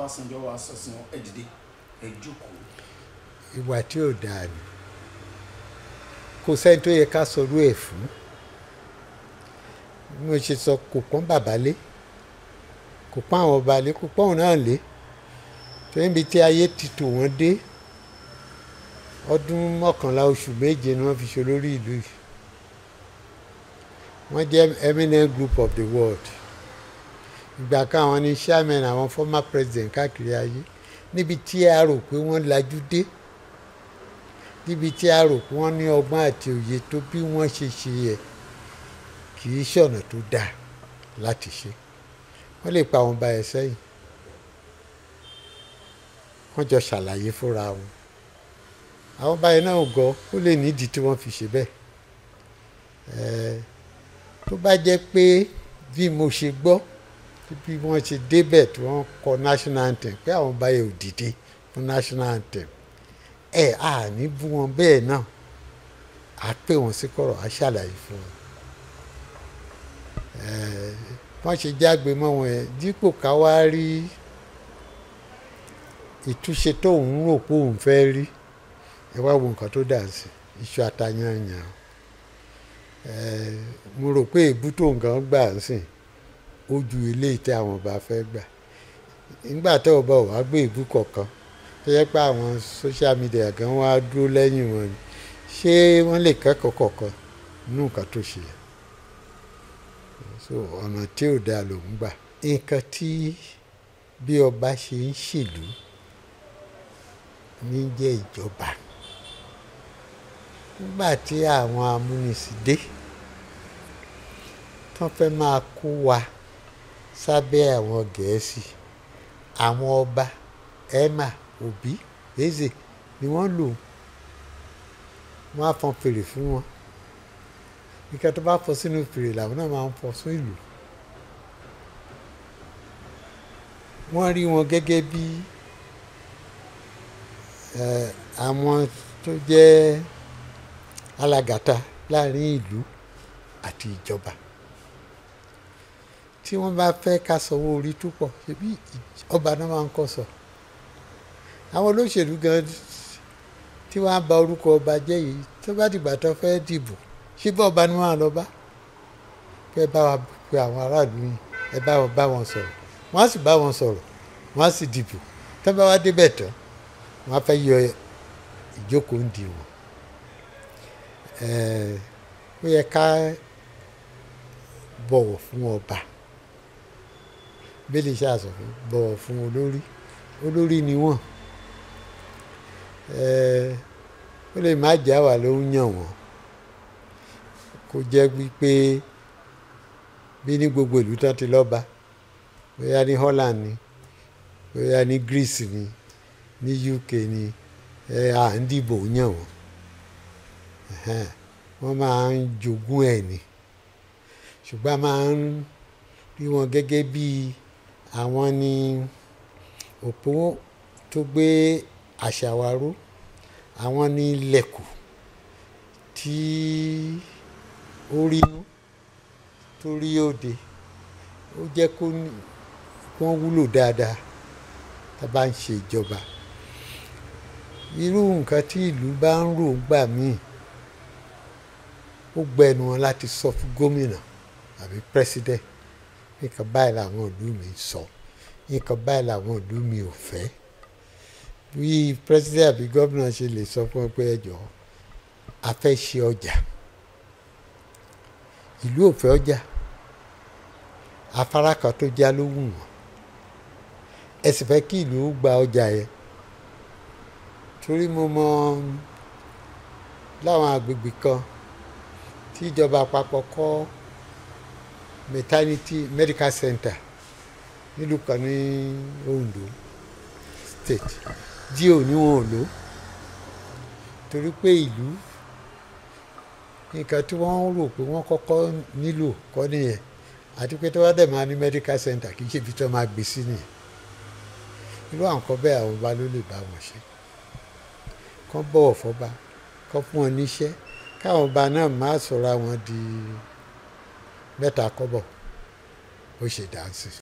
Ọbásanjọ́ wa sọ̀sìn ẹ dìde ẹ jókòó. ìwà tí ò dáa ni kò sẹ́ni tó yẹ ká sọrú ẹ̀ fún bí mo ṣe sọ kò pọ́n bàbá lé kò pọ́n àwọn ọba lé kò pọ́n òun náà lé tó níbi tí ayé ti tò wọ́n dé ọdún mọ́kànlá oṣù méje ni wọ́n fi ṣe olórí ìlú yìí wọ́n jẹ́ eminent group of the world ìgbà kan àwọn ní chairman àwọn former president káàkiri ayé níbi tí a rò pé wọ́n lajú dé níbi tí a rò pé wọ́n ní ọgbọ́n àti òye tó bí wọ́n ṣe ṣe yẹ kì í ṣọ̀nà tó dáa láti ṣe wọ́n lè pa àwọn báyẹn sẹ́yìn wọ́n jọ ṣàlàyé fúnra wọn àwọn báyẹn náà ò gọ ó lè nídìí tí wọ́n fi ṣe bẹ́ẹ̀ tó bá jẹ́ pé bí mo ṣe gbọ́ bí wọ́n ṣe débẹ̀ tí wọ́n kọ national anthem pé àwọn báyìí ò dìde fún national anthem ẹ à ní bú wọn bẹ́ẹ̀ náà á pè wọ́n sí kọ̀rọ̀ á ṣàlàyé fún wọn wọ́n ṣe jágbe mọ́ wọn yẹn dípò ká wá rí ìtúnṣe tó òun rò pé òun fẹ́ rí ẹ wá wo nǹkan tó dà sí iṣu atayányán mo rò pé èbú tó nǹkan gbà ń sìn ó ju eléyìí tí àwọn ọba fẹ́ gbà nígbà tẹ́ ò bá wàá gbé ìbú kọ̀ọ̀kan tó yẹ pé àwọn social media gan wọn á dúró lẹ́yìn wọn ni ṣé wọ́n lè kẹ́kọ̀ọ́ kọ̀ọ̀kan nínú nǹkan tó ṣe so ọ̀nà tí ò dáa ló ń gbà nǹkan tí bí ọba ṣe ń ṣèlú ní jẹ́ ìjọba nígbà tí àwọn amúnisìn dé tán fẹ́ máa kó wa sábẹ́ àwọn gẹ̀ẹ́sì àwọn ọba emma obi eze ni wọ́n lò wọ́n á fọn fèrè fún wọn nǹkan tó bá fọ sínú fèrè làwọn náà máa ń fọ sún ìlú wọ́n rí wọn gẹ́gẹ́ bí àwọn tó jẹ́ alàgàtà láàrin ìlú àti ìjọba tí wọ́n bá fẹ́ ká sanwó orí túpọ̀ ṣebí ọba náà máa ń kọ́ sọ. àwọn olóṣèlú gan tí wọ́n á ba orúkọ ọba jẹ́ yìí tó bá dìgbà tó fẹ́ dìbò ṣé bá ọba ni wọ́n á lọ bá pé ẹ bá wa pe àwọn aráàlú yìí ẹ bá wọn bá wọn sọ̀rọ̀ wọ́n á sì bá wọn sọ̀rọ̀ wọ́n á sì dìbò tó bá wá débẹ̀ tán wọ́n á fẹ́ yọ ìjókòó ń di wọn. ó yẹ ká bọ̀wọ̀ fún ọba bẹ́lẹ̀ ṣàṣọ fún bọ̀wọ̀ fún olórí olórí ni wọ́n ó lè má jà wà ló ń yàn wọ́n kó jẹ́ wípé bí ní gbogbo ìlú tán ti lọ́ba bóyá ní Holland ni bóyá ní Greece ni ní UK ni à ń dìbò yàn wọ́n wọ́n máa ń jogún ẹ̀ ni ṣùgbọ́n máa ń rí wọn gẹ́gẹ́ bíi àwọn ni òpó tó gbé àṣà wa ró àwọn ni ilẹ̀kù tí ó rí inú tó rí òde ó jẹ́ kó wọ́n wúlò dáadáa tá a bá ń ṣe ìjọba irú nǹkan tí ìlú bá ń rò gbà míì ó gbẹnu wọn láti sọ fún gómìnà àbí pírẹsidẹ́ǹtì nǹkan báyìí làwọn ìlú mi sọ nǹkan báyìí làwọn ìlú mi ò fẹ́ bí president àbí gómìnà ṣe lè sọ fún ọ pé ẹ jọ̀ọ́ a fẹ́ ṣe ọjà ìlú ò fẹ́ ọjà afárá kan tó já ló wù wọ́n ẹ sì fẹ́ kí ìlú gba ọjà yẹn torí mo mọ láwọn agbègbè kan tí ìjọba àpapọ̀ kọ́ maternity medical center nílùú kan ní Ondo state jí òní wọn ò lò torí pé ìlú nǹkan tí wọ́n rò pé wọ́n kọ́kọ́ nílò kọ́ nìyẹn àti pé tí wọ́n dẹ̀ máa ní medical center kì í ṣe ibi tí wọ́n máa gbé sí nìyẹn irú àwọn kan bẹ́ẹ̀ àwọn ọba ló lè bá wọn ṣe kán bọ̀wọ̀ fọba kán fún wọn níṣẹ́ káwọn ọba náà má sọ̀rọ̀ àwọn di mẹ́ta kọ́bọ̀ ó ṣe dáńsì.